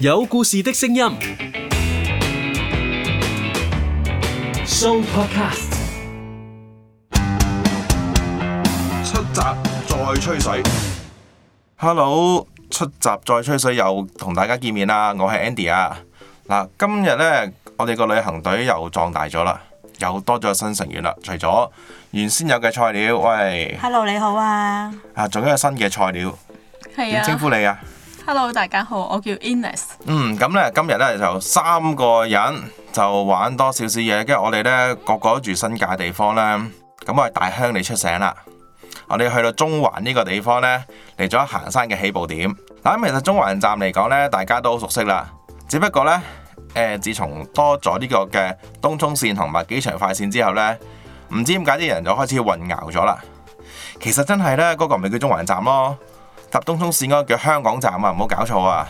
有故事的聲音，Show Podcast。出閘再吹水。Hello，出閘再吹水又同大家見面啦，我係 Andy 啊。嗱，今日呢，我哋個旅行隊又壯大咗啦，又多咗新成員啦。除咗原先有嘅菜鳥，喂，Hello，你好啊。啊，仲有一個新嘅菜鳥，點稱呼你啊？Hello，大家好，我叫 Ines。嗯，咁咧今日咧就三個人就玩多少少嘢，跟住我哋咧個個都住新界地方啦。咁我係大鄉里出城啦，我哋去到中環呢個地方咧，嚟咗行山嘅起步點。嗱，咁其實中環站嚟講咧，大家都好熟悉啦。只不過咧，誒、呃，自從多咗呢個嘅東涌綫同埋機場快綫之後咧，唔知點解啲人就開始混淆咗啦。其實真係咧，嗰、那個唔係叫中環站咯。搭東涌線嗰個叫香港站啊，唔好搞錯啊！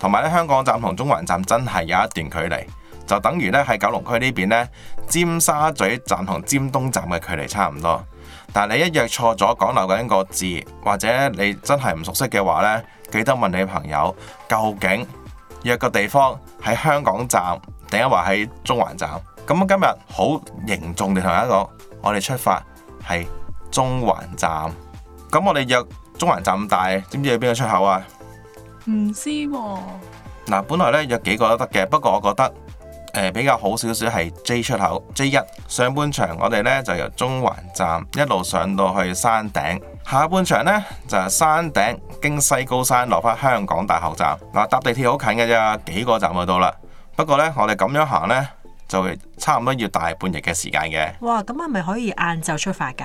同埋咧，香港站同中環站真係有一段距離，就等於咧喺九龍區呢邊咧，尖沙咀站同尖東站嘅距離差唔多。但係你一約錯咗港樓嗰一個字，或者你真係唔熟悉嘅話呢，記得問你朋友究竟約一個地方喺香港站定一或喺中環站。咁今日好凝重地同大家講，我哋出發係中環站，咁我哋約。中環站咁大，知唔知有邊個出口啊？唔知喎、啊。嗱，本來咧有幾個都得嘅，不過我覺得比較好少少係 J 出口 J 一。上半場我哋咧就由中環站一路上到去山頂，下半場呢就係、是、山頂經西高山落返香港大學站。嗱，搭地鐵好近嘅啫，幾個站就到啦。不過呢，我哋咁樣行呢，就差唔多要大半日嘅時間嘅。哇，咁係咪可以晏晝出發噶？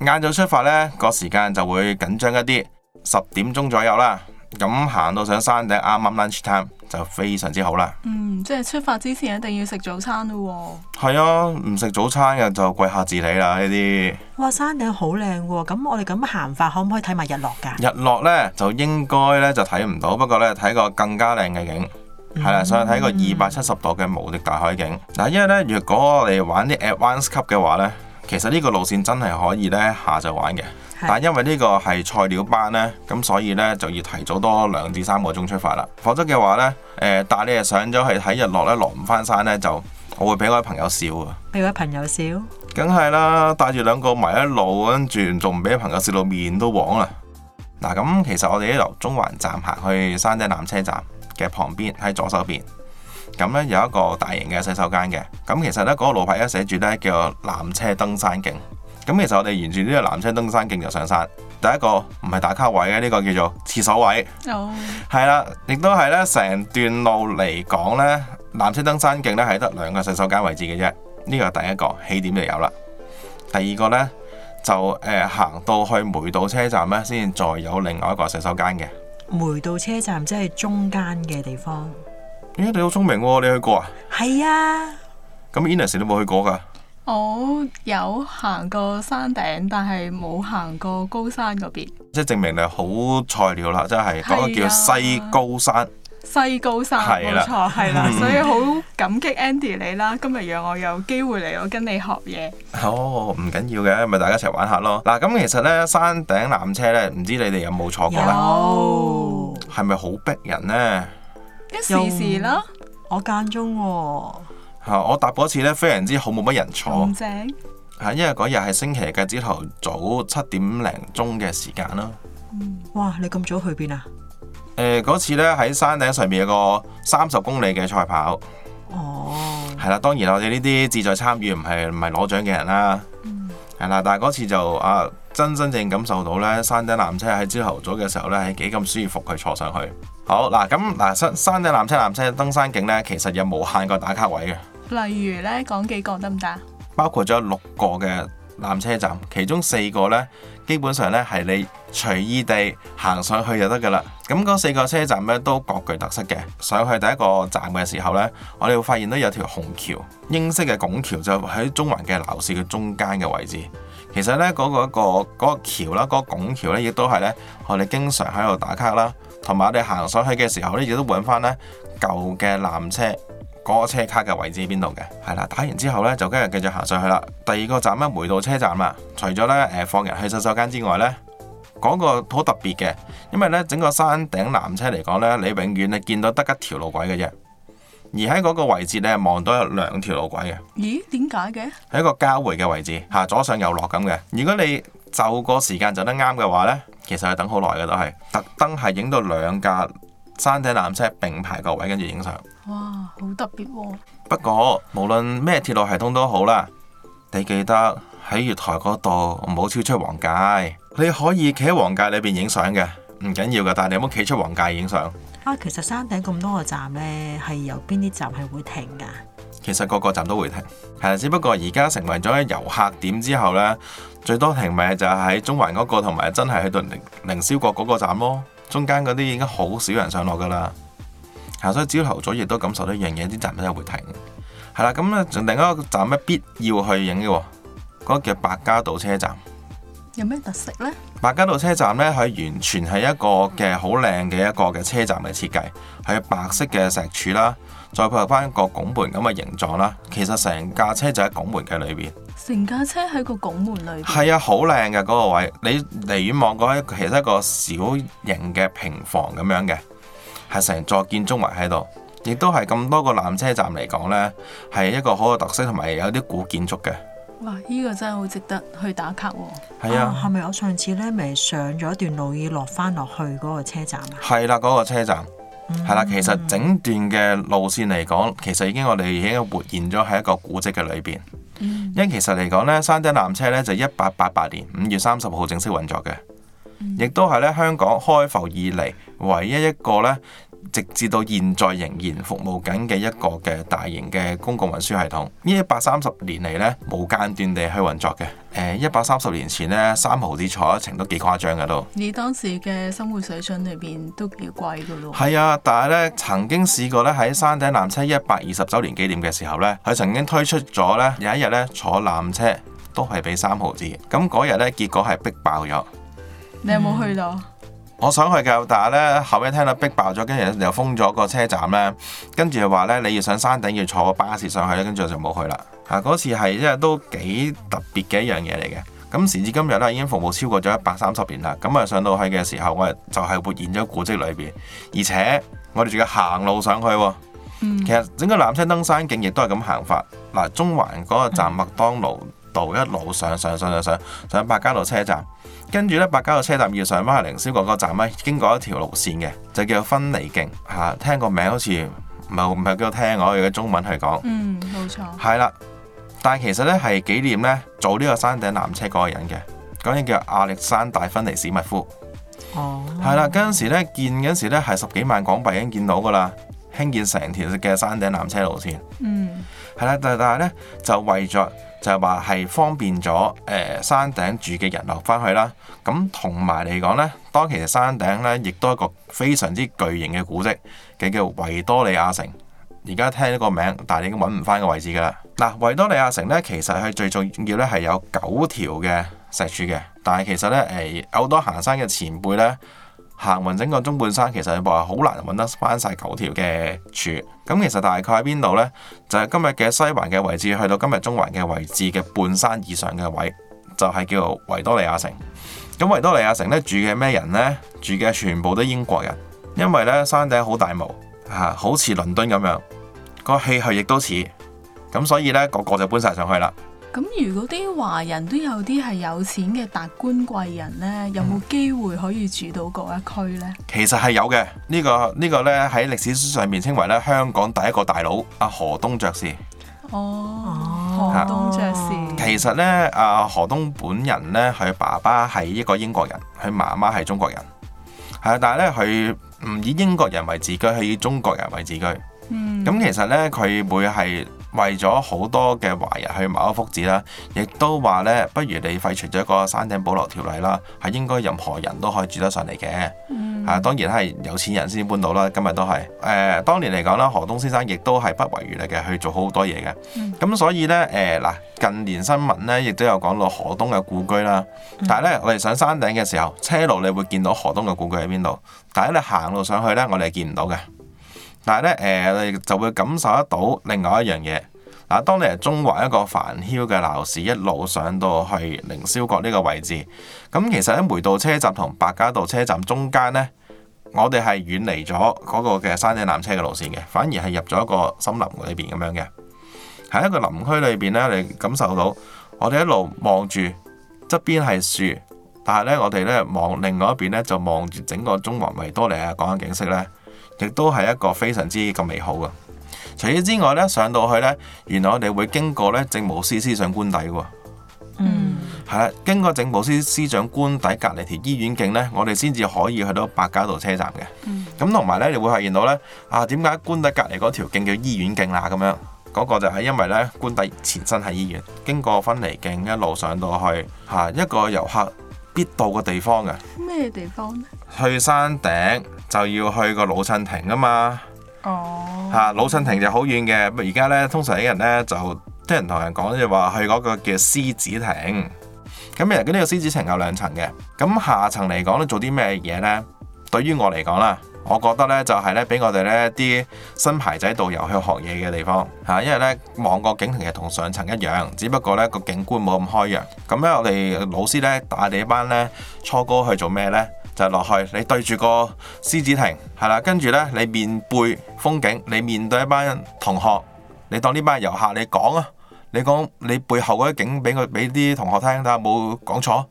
晏早出發呢個時間就會緊張一啲，十點鐘左右啦。咁行到上山頂，啱啱 lunch time 就非常之好啦。嗯，即係出發之前一定要食早餐咯、哦。係啊，唔食早餐嘅就跪下自理啦呢啲。哇，山頂好靚嘅，咁我哋咁行法可唔可以睇埋日落噶？日落呢，就應該呢，就睇唔到，不過呢，睇個更加靚嘅景，係啦、嗯，上去睇個二百七十度嘅無敵大海景。嗱、嗯，嗯、但因為呢，如果我哋玩啲 advanced 級嘅話呢。其實呢個路線真係可以呢下晝玩嘅，是的 但係因為呢個係菜鳥班呢，咁所以呢就要提早多兩至三個鐘出發啦。否則嘅話呢，誒、呃、帶你誒上咗去睇日落，落呢落唔翻山呢就我會俾位朋友笑啊！俾位朋友笑？梗係啦，帶住兩個埋一路，跟住仲唔俾朋友笑到面都黃啊！嗱，咁其實我哋由中環站行去山頂纜車站嘅旁邊，喺左手邊。咁咧有一個大型嘅洗手間嘅，咁其實咧嗰個路牌咧寫住咧叫纜車登山徑，咁其實我哋沿住呢個纜車登山徑就上山。第一個唔係打卡位嘅，呢個叫做廁所位。哦，係啦，亦都係咧成段路嚟講咧，纜車登山徑咧係得兩個洗手間位置嘅啫。呢個係第一個起點就有啦。第二個咧就誒、呃、行到去梅道車站咧，先再有另外一個洗手間嘅。梅道車站即係中間嘅地方。咦，你好聰明喎！你去過啊？係啊。咁 Innis 都冇去過噶？我有行過山頂，但係冇行過高山嗰邊。即係證明你係好菜鳥啦，即係嗰個叫西高山。西高山係啦，冇錯係啦，所以好感激 Andy 你啦，今日讓我有機會嚟，我跟你學嘢。好，唔緊要嘅，咪大家一齊玩下咯。嗱，咁其實咧，山頂纜車咧，唔知你哋有冇坐過咧？有。係咪好逼人咧？一時時啦，我間中吓、哦，我搭過一次咧，非常之好，冇乜人坐，係正因為嗰日係星期日嘅朝頭早七點零鐘嘅時間啦、嗯。哇，你咁早去邊啊？誒、欸，嗰次咧喺山頂上面有個三十公里嘅賽跑，係啦、哦。當然啦，我哋呢啲志在參與，唔係唔係攞獎嘅人啦，係啦。但係嗰次就啊。真真正感受到咧，山頂纜車喺朝頭早嘅時候咧，係幾咁舒服，佢坐上去好。好嗱，咁嗱山山頂纜，纜車、纜車登山景咧，其實有無限個打卡位嘅。例如咧，講幾個得唔得？包括咗六個嘅纜車站，其中四個咧，基本上咧係你隨意地行上去就得㗎喇。咁嗰四個車站咧都各具特色嘅。上去第一個站嘅時候咧，我哋會發現都有一條紅橋，英式嘅拱橋，就喺中環嘅鬧市嘅中間嘅位置。其實呢嗰個，嗰個一個橋啦，嗰個拱橋呢，亦都係呢。我哋經常喺度打卡啦。同埋我哋行上去嘅時候呢，亦都揾翻呢舊嘅纜車嗰個車卡嘅位置喺邊度嘅係啦。打完之後呢，就跟住繼續行上去啦。第二個站，站呢，梅道車站啦。除咗呢，誒放人去洗手，手間之外呢，嗰個好特別嘅，因為呢，整個山頂纜車嚟講呢，你永遠你見到得一條路軌嘅啫。而喺嗰個位置咧，望到有兩條路軌嘅。咦？點解嘅？喺一個交匯嘅位置，嚇左上右落咁嘅。如果你就個時間走得啱嘅話呢，其實係等好耐嘅都係。特登係影到兩架山頂纜車並排個位，跟住影相。哇！好特別喎、啊。不過無論咩鐵路系統都好啦，你記得喺月台嗰度唔好超出黃界。你可以企喺黃界裏邊影相嘅，唔緊要㗎。但係你有冇企出黃界影相？啊，其實山頂咁多個站呢，係有邊啲站係會停噶？其實個個站都會停，係啦，只不過而家成為咗遊客點之後呢，最多停咪就喺中環嗰個同埋真係去到凌凌霄閣嗰個站咯。中間嗰啲應該好少人上落噶啦，係所以朝頭早亦都感受到一樣嘢，啲站真係會停的。係啦，咁呢，另一個站呢必要去影嘅，嗰個叫白加道車站。有咩特色呢？白加道車站呢，佢完全係一個嘅好靚嘅一個嘅車站嚟設計，係白色嘅石柱啦，再配合翻一個拱門咁嘅形狀啦。其實成架車就喺拱門嘅裏邊，成架車喺個拱門裏邊。係啊，好靚嘅嗰個位，你離遠望嗰，其實一個小型嘅平房咁樣嘅，係成座建築物喺度，亦都係咁多個纜車站嚟講呢，係一個好有特色同埋有啲古建築嘅。哇！依、這個真係好值得去打卡喎。哦。係啊，係咪、啊、我上次呢咪上咗一段路要落翻落去嗰個車站啊？係啦，嗰、嗰個車站係啦。嗯。其實整段嘅路線嚟講，其實已經我哋已經活現咗喺一個古蹟嘅裏邊。嗯、因為其實嚟講呢，山頂纜車呢就一八八八年五月三十號正式運作嘅，亦都係呢香港開埠以嚟唯一一個呢，直至到現在仍然服務緊嘅一個嘅大型嘅公共運輸系統，呢一百三十年嚟呢，無間斷地去運作嘅。誒一百三十年前呢，三毫子坐一程都幾誇張㗎都。你當時嘅生活水準裏邊都幾貴㗎咯。係啊，但係呢曾經試過呢喺山頂纜車一百二十週年紀念嘅時候呢，佢曾經推出咗呢有一日呢坐纜車都係俾三毫子嘅。咁嗰日呢結果係逼爆咗。你有冇去到？嗯我想去嘅，但係咧後尾聽到逼爆咗，跟住又封咗個車站咧，跟住就話咧你要上山頂要坐巴士上去咧，跟住我就冇去啦。啊，嗰次係即係都幾特別嘅一樣嘢嚟嘅。咁時至今日啦，已經服務超過咗一百三十年啦。咁啊上到去嘅時候，我哋就係活現咗古蹟裏邊，而且我哋仲要行路上去，哦。嗯，其實整個纜車登山徑亦都係咁行法。嗱，中環嗰個站、嗯、麥當勞道一路上上上上上上白加道車站。跟住咧，百家嘅車搭要上翻去凌霄閣嗰站咧，經過一條路線嘅，就叫芬尼徑嚇。聽個名好似唔係唔係幾好聽喎，用中文嚟講。嗯，冇錯。係啦，但係其實咧係紀念咧做呢個山頂纜車嗰個人嘅，嗰人叫亞歷山大·芬尼史密夫。哦。係啦，嗰陣時咧建嗰陣時咧係十幾萬港幣已經見到噶啦，興建成條嘅山頂纜車路線。嗯。係啦，但係咧就為咗。就係話係方便咗誒、呃、山頂住嘅人流翻去啦，咁同埋嚟講呢，當其實山頂呢亦都係一個非常之巨型嘅古蹟，嘅叫維多利亞城。而家聽呢個名，但係你都揾唔翻個位置㗎啦。嗱，維多利亞城呢，其實係最重要呢，係有九條嘅石柱嘅，但係其實呢，誒、呃，有好多行山嘅前輩呢。行完整個中半山，其實你話好難揾得翻晒九條嘅柱。咁其實大概喺邊度呢？就係今日嘅西環嘅位置，去到今日中環嘅位置嘅半山以上嘅位，就係叫維多利亞城。咁維多利亞城咧住嘅咩人呢？住嘅全部都英國人，因為咧山頂好大霧嚇，好似倫敦咁樣個氣候亦都似咁，所以呢，個個就搬晒上去啦。咁如果啲華人都有啲係有錢嘅達官貴人呢，有冇機會可以住到嗰一區呢？嗯、其實係有嘅，呢、呢個呢、呢個呢，喺歷史書上面稱為咧香港第一個大佬阿何東爵士。哦，何東爵士。其實呢，阿、啊、何東本人呢，佢爸爸係一個英國人，佢媽媽係中國人。係啊，但係呢，佢唔以英國人為自居，佢以中國人為自居。咁、嗯、其實咧，佢會係為咗好多嘅華人去謀一福祉啦，亦都話咧，不如你廢除咗一個山頂保留條例啦，係應該任何人都可以住得上嚟嘅。嚇、嗯啊，當然係有錢人先搬到啦，今日都係。誒、呃，當年嚟講啦，何東先生亦都係不遺餘力嘅去做好很多嘢嘅。咁、嗯、所以咧，誒、呃、嗱，近年新聞咧，亦都有講到何東嘅故居啦。嗯、但係咧，我哋上山頂嘅時候，車路你會見到何東嘅故居喺邊度，但係你行路上去咧，我哋係見唔到嘅。但係咧，誒、呃，你就會感受得到另外一樣嘢。嗱，當你喺中環一個繁囂嘅鬧市一路上到去凌霄閣呢個位置，咁其實喺梅道車站同白加道車站中間呢，我哋係遠離咗嗰個嘅山頂纜車嘅路線嘅，反而係入咗一個森林裏邊咁樣嘅。喺一個林區裏邊呢，你感受到我哋一路望住側邊係樹，但係呢，我哋呢望另外一邊呢，就望住整個中環維多利亞港嘅景色呢。亦都係一個非常之咁美好嘅。除此之外咧，上到去呢，原來我哋會經過咧政務司司長官邸喎。嗯。係啦，經過政務司司長官邸隔離條醫院徑呢，我哋先至可以去到白加道車站嘅。咁同埋呢，你會發現到呢，啊點解官邸隔離嗰條徑叫醫院徑啦？咁樣嗰、那個就係因為呢，官邸前身係醫院。經過芬梨徑一路上到去，係、啊、一個遊客必到嘅地方嘅。咩地方呢？去山頂。嗯就要去個老襯亭啊嘛，oh. 老襯亭就好遠嘅。而家呢，通常啲人呢，就聽人同人講，就話去嗰個叫獅子亭。咁其實呢個獅子亭有兩層嘅。咁下層嚟講呢，做啲咩嘢呢？對於我嚟講啦，我覺得呢，就係、是、呢俾我哋呢啲新牌仔導遊去學嘢嘅地方。因為呢，望個景其實係同上層一樣，只不過呢個景觀冇咁開揚。咁呢，我哋老師呢，帶啲班呢初哥去做咩呢？就落去，你對住個獅子亭，係啦，跟住呢，你面背風景，你面對一班同學，你當呢班遊客，你講啊，你講你背後嗰啲景俾佢，俾啲同學聽睇下，冇講錯，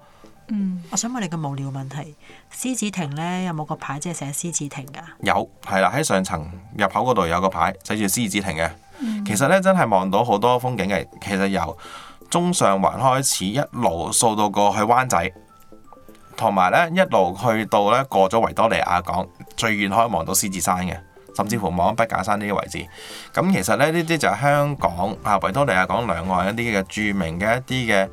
嗯。我想問你個無聊問題，獅子亭呢，有冇個牌即係寫獅子亭㗎？有，係啦，喺上層入口嗰度有個牌寫住獅子亭嘅。嗯，其實呢，真係望到好多風景嘅，其實由中上環開始一路掃到過去灣仔。同埋咧，一路去到咧，過咗維多利亞港，最遠可以望到獅子山嘅，甚至乎望筆架山呢啲位置。咁其實咧，呢啲就係香港啊，維多利亞港兩岸一啲嘅著名嘅一啲嘅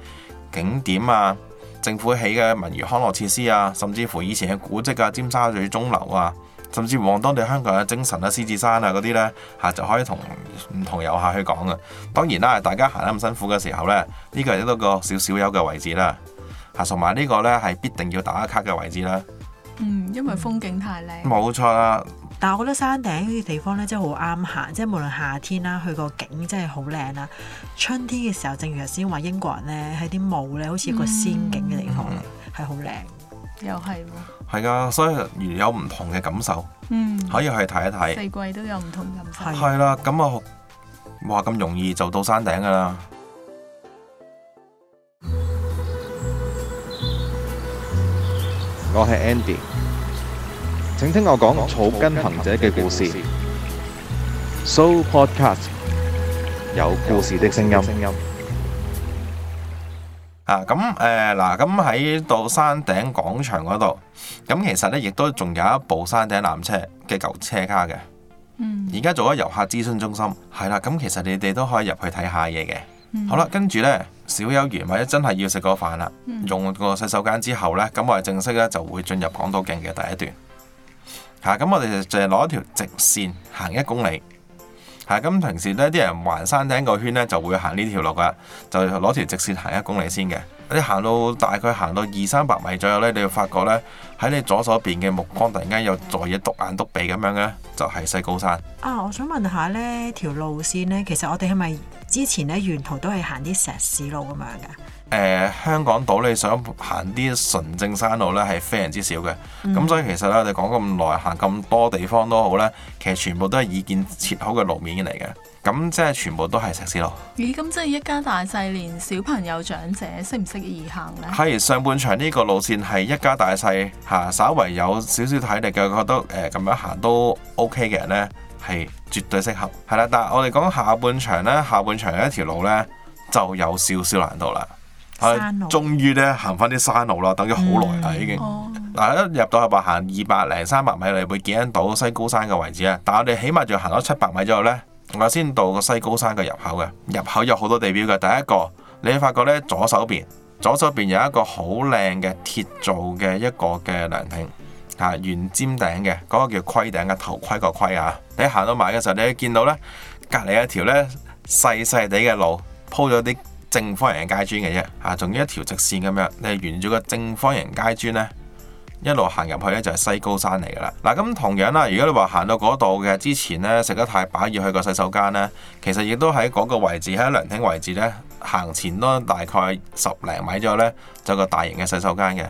景點啊，政府起嘅民娛康樂設施啊，甚至乎以前嘅古蹟啊，尖沙咀鐘樓啊，甚至乎望當地香港嘅精神啊、獅子山啊嗰啲咧嚇，就可以同唔同遊客去講嘅。當然啦，大家行得咁辛苦嘅時候咧，呢個係一個少少有嘅位置啦。同埋呢個呢，係必定要打一卡嘅位置啦。嗯，因為風景太靚。冇、嗯、錯啦、啊，但係我覺得山頂呢啲地方呢，真係好啱行，即係無論夏天啦，去個景真係好靚啦。春天嘅時候，正如頭先話英國人呢，喺啲霧呢，好似一個仙境嘅地方嚟，係好靚，又係喎。係啊，所以有唔同嘅感受。嗯。可以去睇一睇。四季都有唔同的感受。係啦的，咁啊的，冇話咁容易就到山頂㗎啦。我係 Andy，請聽我講草根行者嘅故事。So podcast 有故事的聲音。啊，咁誒，嗱、呃，咁喺到山頂廣場嗰度，咁其實呢亦都仲有一部山頂纜車嘅舊車卡嘅。而家做咗遊客諮詢中心，係啦，咁其實你哋都可以入去睇下嘢嘅。好啦，跟住呢。小休完，或者真係要食個飯啦，用個洗手間之後呢，咁我哋正式呢就會進入港島徑嘅第一段。吓，咁我哋就攞條直線行一公里。吓，咁平時呢啲人環山頂個圈呢就會行呢條路噶，就攞條直線行一公里先嘅。你行到大概行到二三百米左右呢，你就發覺呢喺你左手邊嘅目光突然間有座嘢篤眼篤鼻咁樣呢，就係、是、西高山。啊，我想問一下呢條路線呢，其實我哋係咪？之前咧，沿途都係行啲石屎路咁樣嘅。誒、呃，香港島你想行啲純正山路咧，係非常之少嘅。咁、嗯、所以其實咧，我哋講咁耐行咁多地方都好咧，其實全部都係已建設好嘅路面嚟嘅。咁即係全部都係石屎路。咦、嗯，咁即係一家大細，連小朋友、長者適唔適宜行咧？係上半場呢個路線係一家大細吓、啊，稍微有少少體力嘅，覺得誒咁、呃、樣行都 OK 嘅人咧。係絕對適合，係啦。但係我哋講下半場咧，下半場嘅一條路咧就有少少難度啦路、啊。終於咧行翻啲山路咯，等咗好耐啦已經。嗱、嗯，哦、一入到去吧，行二百零三百米你會見到西高山嘅位置啦。但係我哋起碼仲要行咗七百米之後咧，我先到個西高山嘅入口嘅。入口有好多地標嘅，第一個你會發覺咧，左手邊，左手邊有一個好靚嘅鐵做嘅一個嘅涼亭。啊，圓尖頂嘅，嗰、那個叫盔頂嘅頭盔個盔啊！你行到埋嘅時候，你會見到呢，隔離一條呢細細地嘅路，鋪咗啲正方形嘅街磚嘅啫，嚇、啊，仲要一條直線咁樣，你沿住個正方形街磚呢一路行入去呢，就係西高山嚟噶啦。嗱、啊，咁同樣啦，如果你話行到嗰度嘅之前呢，食得太飽要去個洗手間呢，其實亦都喺嗰個位置，喺涼亭位置呢，行前咯，大概十零米左右呢，就有個大型嘅洗手間嘅。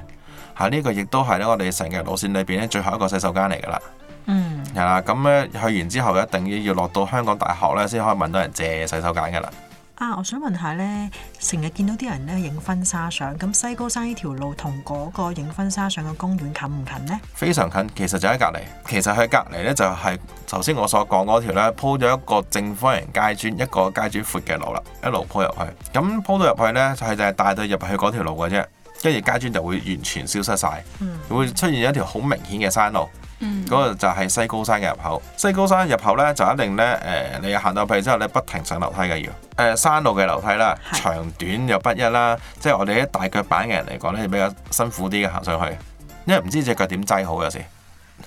嚇！呢個亦都係咧，我哋成日路線裏邊咧，最後一個洗手間嚟噶啦。嗯。係啦、嗯，咁咧去完之後，一定要落到香港大學咧，先可以問到人借洗手間噶啦。啊，我想問下咧，成日見到啲人咧影婚紗相，咁西高山呢條路同嗰個影婚紗相嘅公園近唔近呢？非常近，其實就喺隔離。其實佢隔離咧，就係頭先我所講嗰條咧，鋪咗一個正方形街磚，一個街磚闊嘅路啦，一路鋪入去。咁鋪到入去咧，就係就係帶到入去嗰條路嘅啫。跟住街磚就會完全消失晒，嗯、會出現一條好明顯嘅山路。嗰、嗯、個就係西高山嘅入口。西高山入口呢，就一定呢，誒、呃，你行到去之後呢，不停上樓梯嘅要誒、呃、山路嘅樓梯啦，是的 長短又不一啦。即係我哋啲大腳板嘅人嚟講呢，比較辛苦啲嘅行上去，因為唔知隻腳點擠好有時。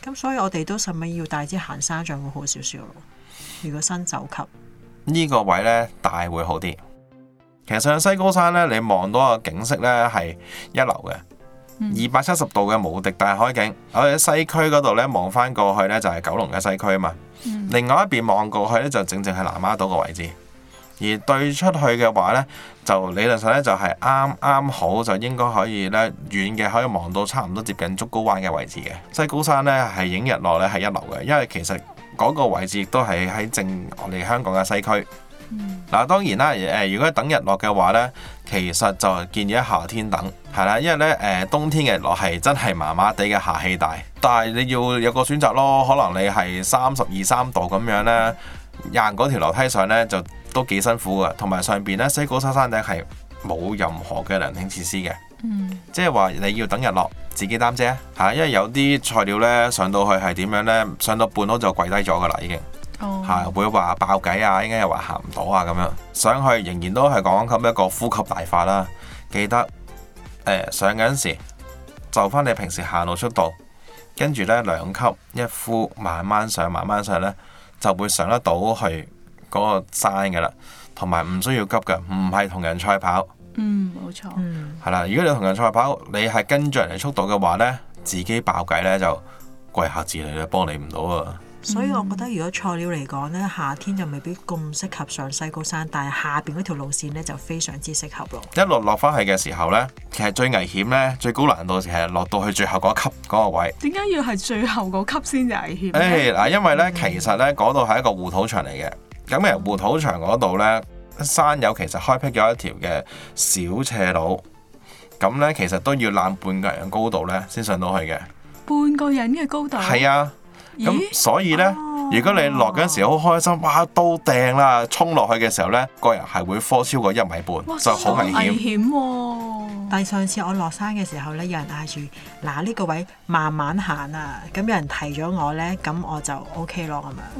咁所以我哋都甚至要帶支行山杖會好少少咯。如果新走級呢個位呢，大會好啲。其實上西高山咧，你望到個景色咧係一流嘅，二百七十度嘅無敵大海景。我哋喺西區嗰度咧望翻過去咧就係九龍嘅西區啊嘛，另外一邊望過去咧就正正係南丫島嘅位置。而對出去嘅話咧，就理論上咧就係啱啱好就應該可以咧遠嘅可以望到差唔多接近竹篙灣嘅位置嘅。西高山咧係影日落咧係一流嘅，因為其實嗰個位置亦都係喺正我哋香港嘅西區。嗱，嗯、當然啦，誒，如果等日落嘅話呢，其實就建議喺夏天等，係啦，因為呢，誒、呃，冬天日落係真係麻麻地嘅，下氣大。但係你要有個選擇咯，可能你係三十二三度咁樣呢，行嗰條樓梯上呢，就都幾辛苦嘅，同埋上邊呢，西高山山頂係冇任何嘅涼亭設施嘅，即係話你要等日落自己擔遮嚇，因為有啲材料呢，上到去係點樣呢？上到半路就跪低咗噶啦已經。吓、oh. 會話爆計啊，應該又話行唔到啊咁樣，上去仍然都係講緊一個呼吸大法啦。記得、呃、上嗰陣時就返你平時行路速度，跟住呢兩級一呼，慢慢上，慢慢上呢就會上得到去嗰個山噶啦。同埋唔需要急噶，唔係同人賽跑。嗯、mm,，冇錯。嗯，係啦，如果你同人賽跑，你係跟住人哋速度嘅話呢，自己爆計呢就跪下自幫你，幫你唔到啊。所以我覺得，如果菜鳥嚟講咧，夏天就未必咁適合上西高山，但係下邊嗰條路線呢，就非常之適合咯。一落落返去嘅時候呢，其實最危險呢，最高難度係落到去最後嗰一級嗰個位。點解要係最後嗰級先危險？誒嗱、哎，因為呢，其實呢，嗰度係一個護土牆嚟嘅。咁誒，護土牆嗰度呢，山友其實開闢咗一條嘅小斜路。咁呢，其實都要攬半個人高度呢，先上到去嘅。半個人嘅高度。係啊。咁咦所以咧，oh，如果你落嗰時好開心，oh。哇到掟啦，衝落去嘅時候咧，個人係會 fall 超過一米半，就好哇危險。危險哦，但係上次我落山嘅時候咧，有人嗌住嗱呢個位慢慢行啊，咁有人提咗我咧，咁我就 O K 咯，係咪啊？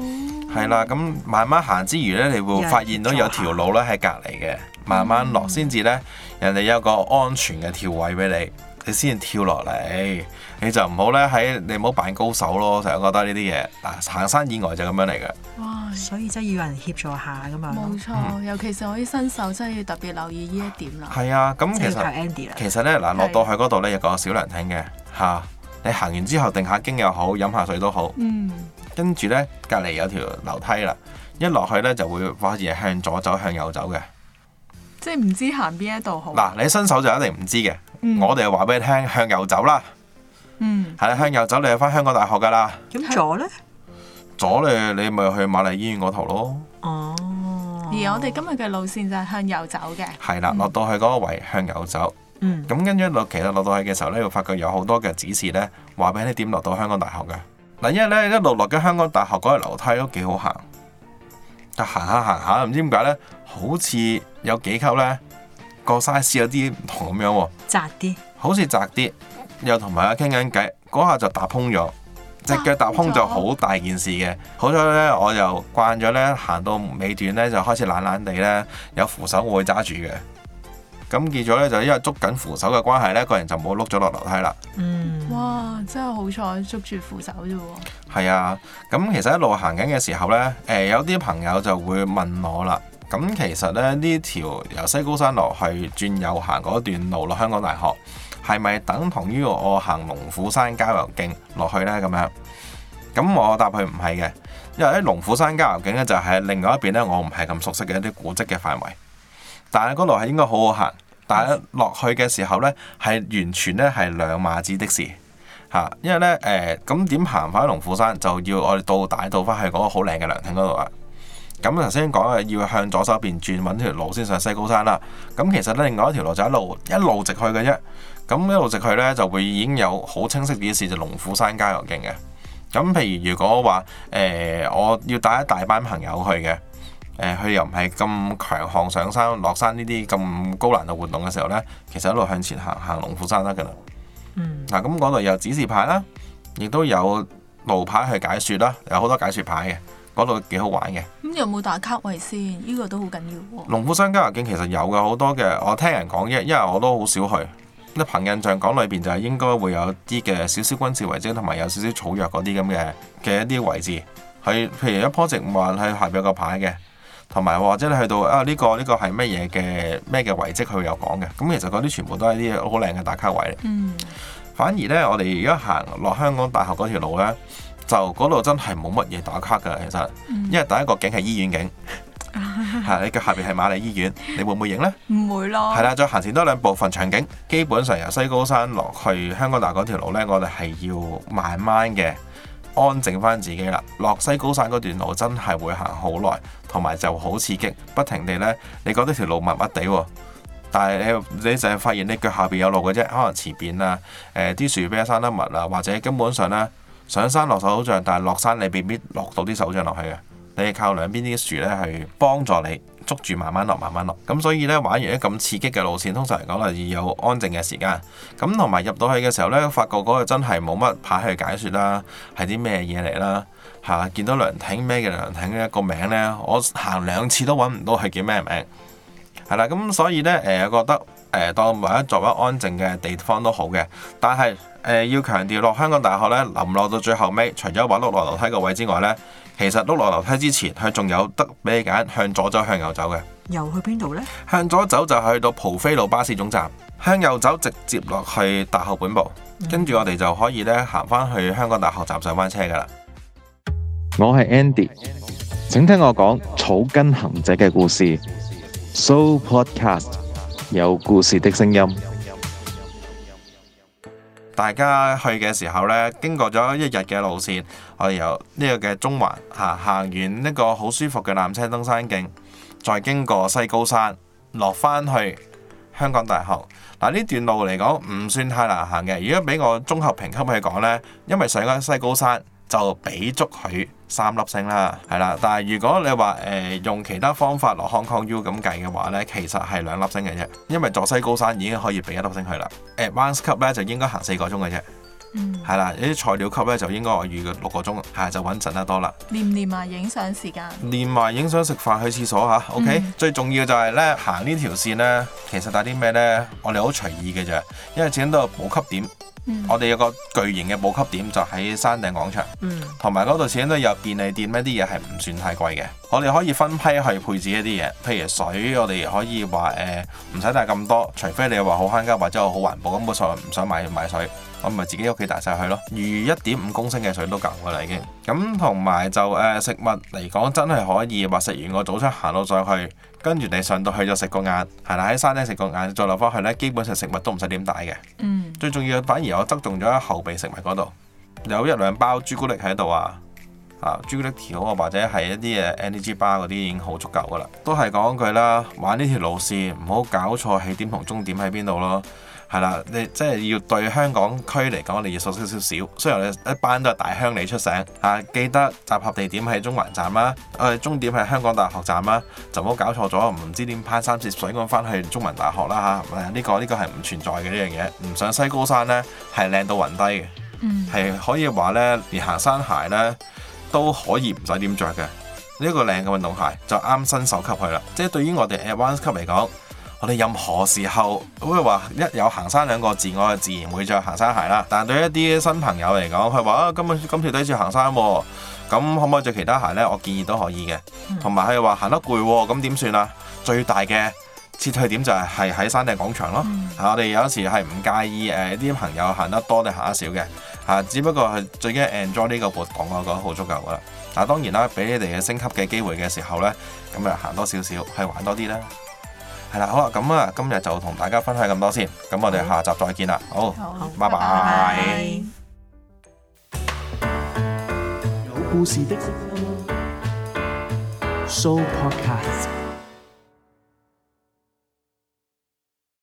係啦，咁慢慢行之餘咧，你會發現到有條路咧喺隔離嘅，慢慢落先至咧，oh。人哋有個安全嘅跳位俾你。你先跳落嚟，你就唔好咧喺你唔好扮高手咯。成日覺得呢啲嘢，行山以外就咁樣嚟嘅。哇！所以真係要有人協助下噶嘛。冇錯錯，嗯、尤其是我啲新手真係要特別留意呢一點是、啊、呢啦。係啊，咁其實其實咧嗱，落到去嗰度咧有個小涼亭嘅嚇是、啊，你行完之後定下經又好，飲下水都好。嗯。跟住咧，隔離有條樓梯啦，一落去咧就會發現係向左走，向右走嘅。即係唔知行邊一度好。嗱，你新手就一定唔知嘅。Mm. 我哋係話俾你聽，向右走啦。嗯，係啦，向右走，你去翻香港大學噶啦。咁左呢？左呢，你咪去瑪麗醫院嗰頭咯。哦。Oh. 而我哋今日嘅路線就係向右走嘅。係啦，落到去嗰個位，mm. 向右走。嗯。咁跟住落，其實落到去嘅時候呢，會發覺有好多嘅指示呢，話俾你點落到香港大學嘅。嗱，因為呢，一路落緊香港大學嗰個樓梯都幾好行，但行下行下，唔知點解呢，好似有幾級呢。個 size 有啲唔同咁樣喎，窄啲，好似窄啲，又同埋阿傾緊偈，嗰下就踏空咗，隻腳踏空就好大件事嘅。啊、好彩咧，我又慣咗咧，行到尾段咧就開始懶懶地咧，有扶手我會揸住嘅。咁結果咧就因為捉緊扶手嘅關係咧，個人就冇碌咗落樓梯啦。嗯，哇，真係好彩捉住扶手啫喎。係啊，咁其實一路行緊嘅時候咧，誒有啲朋友就會問我啦。咁其實咧，呢條由西高山落去轉右行嗰段路落香港大學，係咪等同於我行龍虎山郊遊徑落去呢？咁樣？咁我答佢唔係嘅，因為喺龍虎山郊遊徑呢，就係另外一邊呢。我唔係咁熟悉嘅一啲古跡嘅範圍。但係嗰路係應該好好行，但係落去嘅時候呢，係完全呢係兩碼子的士。因為呢，誒，咁點行返龍虎山就要我哋倒帶倒返去嗰個好靚嘅涼亭嗰度啦。咁頭先講啊，要向左手邊轉，揾條路先上西高山啦。咁其實呢，另外一條路就一路一路直去嘅啫。咁一路直去呢，就會已經有好清晰指示就是、龍虎山郊遊徑嘅。咁譬如如果話、呃、我要帶一大班朋友去嘅，誒、呃，佢又唔係咁強項上山落山呢啲咁高難度活動嘅時候呢，其實一路向前行行龍虎山得㗎啦。嗱、嗯，咁嗰度有指示牌啦，亦都有路牌去解説啦，有好多解説牌嘅。嗰度幾好玩嘅，咁有冇打卡位先？呢、這個都好緊要喎、啊。農夫山交入邊其實有嘅好多嘅，我聽人講嘅，因為我都好少去。一憑印象講，裏邊就係應該會有啲嘅少少軍事遺蹟，同埋有少少草藥嗰啲咁嘅嘅一啲位置係譬如一棵植物係下面有個牌嘅，同埋或者你去到啊呢、這個呢、這個係咩嘢嘅咩嘅位置，佢有講嘅。咁其實嗰啲全部都係啲好靚嘅打卡位。嗯、反而呢，我哋而家行落香港大學嗰條路呢。就嗰度真係冇乜嘢打卡㗎，其實，嗯、因為第一個景係醫院景，係 你腳下邊係瑪麗醫院，你會唔會影呢？唔會咯。係啦，再行前多兩部分場景，基本上由西高山落去香港大嗰條路呢，我哋係要慢慢嘅安靜翻自己啦。落西高山嗰段路真係會行好耐，同埋就好刺激，不停地呢。你覺得條路密密地，但係你你就係發現你腳下邊有路嘅啫，可能前邊啊，誒、嗯、啲樹俾生得密啊，或者根本上咧。上山落手杖，但係落山你未必，必落到啲手杖落去嘅，你係靠兩邊啲樹咧去幫助你捉住慢慢落，慢慢落。咁所以咧玩完啲咁刺激嘅路線，通常嚟講係要有安靜嘅時間。咁同埋入到去嘅時候咧，發覺嗰個真係冇乜牌去解說啦，係啲咩嘢嚟啦？嚇，見到涼亭咩嘅涼亭一個名咧，我行兩次都揾唔到佢叫咩名。係啦，咁所以咧，呃，我覺得。誒，當埋一坐翻安靜嘅地方都好嘅，但係誒、呃、要強調落香港大學咧，淋落到最後尾，除咗玩碌落樓梯個位之外咧，其實碌落樓梯之前，佢仲有得俾你揀向左走、向右走嘅。又去邊度咧？向左走就去到蒲飛路巴士總站，向右走直接落去大學本部，跟住、嗯、我哋就可以咧行翻去香港大學站上翻車噶啦。我係 Andy，請聽我講草根行者嘅故事，So Podcast。有故事的聲音，大家去嘅時候咧，經過咗一日嘅路線，我哋由呢個嘅中環吓行完一個好舒服嘅纜車登山徑，再經過西高山，落返去香港大學。嗱，呢段路嚟講唔算太難行嘅。如果俾我綜合評級去講呢，因為上緊西高山。就俾足佢三粒星啦，係啦。但係如果你話誒、呃、用其他方法落 Hong Kong U 咁計嘅話呢，其實係兩粒星嘅啫。因為坐西高山已經可以俾一粒星佢啦。Advanced 級呢就應該行四個鐘嘅啫，係啦。有啲材料級呢，就應該、嗯、我預六個鐘，係就穩陣得多啦。念唔念啊，影相時間。念埋影相、食飯、去廁所吓、啊，OK、嗯。最重要就係呢行呢條線呢，其實帶啲咩呢？我哋好隨意嘅咋，因為只係到補給點。 我哋有個巨型嘅補給點就喺山頂廣場，同埋嗰度始終都有便利店呢啲嘢係唔算太貴嘅。我哋可以分批去配置一啲嘢，譬如水，我哋可以話誒，唔使帶咁多，除非你話好慳家或者好環保咁，冇錯唔想買買水。我咪自己屋企大晒去咯，預一點五公升嘅水都夠曬啦已經。咁同埋就誒食物嚟講，真係可以話食完個早餐行到上去，跟住你上到去就食個晏，係啦，喺山頂食個晏，再落返去呢，基本上食物都唔使點帶嘅。嗯。最重要反而我側重咗後備食物嗰度，有一兩包朱古力喺度啊，朱古力條啊或者係一啲誒 energy bar 嗰啲已經好足夠噶啦。都係講句啦，玩呢條路線唔好搞錯起點同終點喺邊度咯。係啦，你即係要對香港區嚟講，你要熟悉少少少少。雖然我哋一班都係大鄉里出城，啊，記得集合地點喺中環站啦、啊，啊、呃，終點係香港大學站啦、啊，就唔好搞錯咗，唔知點攀山涉水咁返去中文大學啦嚇。呢、啊呢個呢係唔存在嘅呢樣嘢，唔、呢個、上西高山呢係靚到暈低嘅，係、嗯、可以話呢連行山鞋呢都可以唔使點着嘅，呢、呢個靚嘅運動鞋就啱新手級去啦。即係對於我哋 at one 級嚟講。我哋任何時候，譬如話一有行山兩個字，我就自然會着行山鞋啦。但對一啲新朋友嚟講，佢話咁今日今條底行山喎、啊，咁可唔可以着其他鞋呢？我建議都可以嘅。同埋佢話行得攰喎、啊，咁點算啊？最大嘅撤退點就係係喺山頂廣場咯。嗯啊、我哋有時係唔介意啲、啊、朋友行得多定行得少嘅、啊、只不過係最緊要 enjoy 呢個活動我覺得好足夠噶啦。嗱、啊，當然啦，俾你哋嘅升級嘅機會嘅時候呢，咁啊行多少少，去玩多啲啦。嗯係啦，好啦，咁啊，今日就同大家分享咁多先，咁我哋下集再見啦，好，拜拜。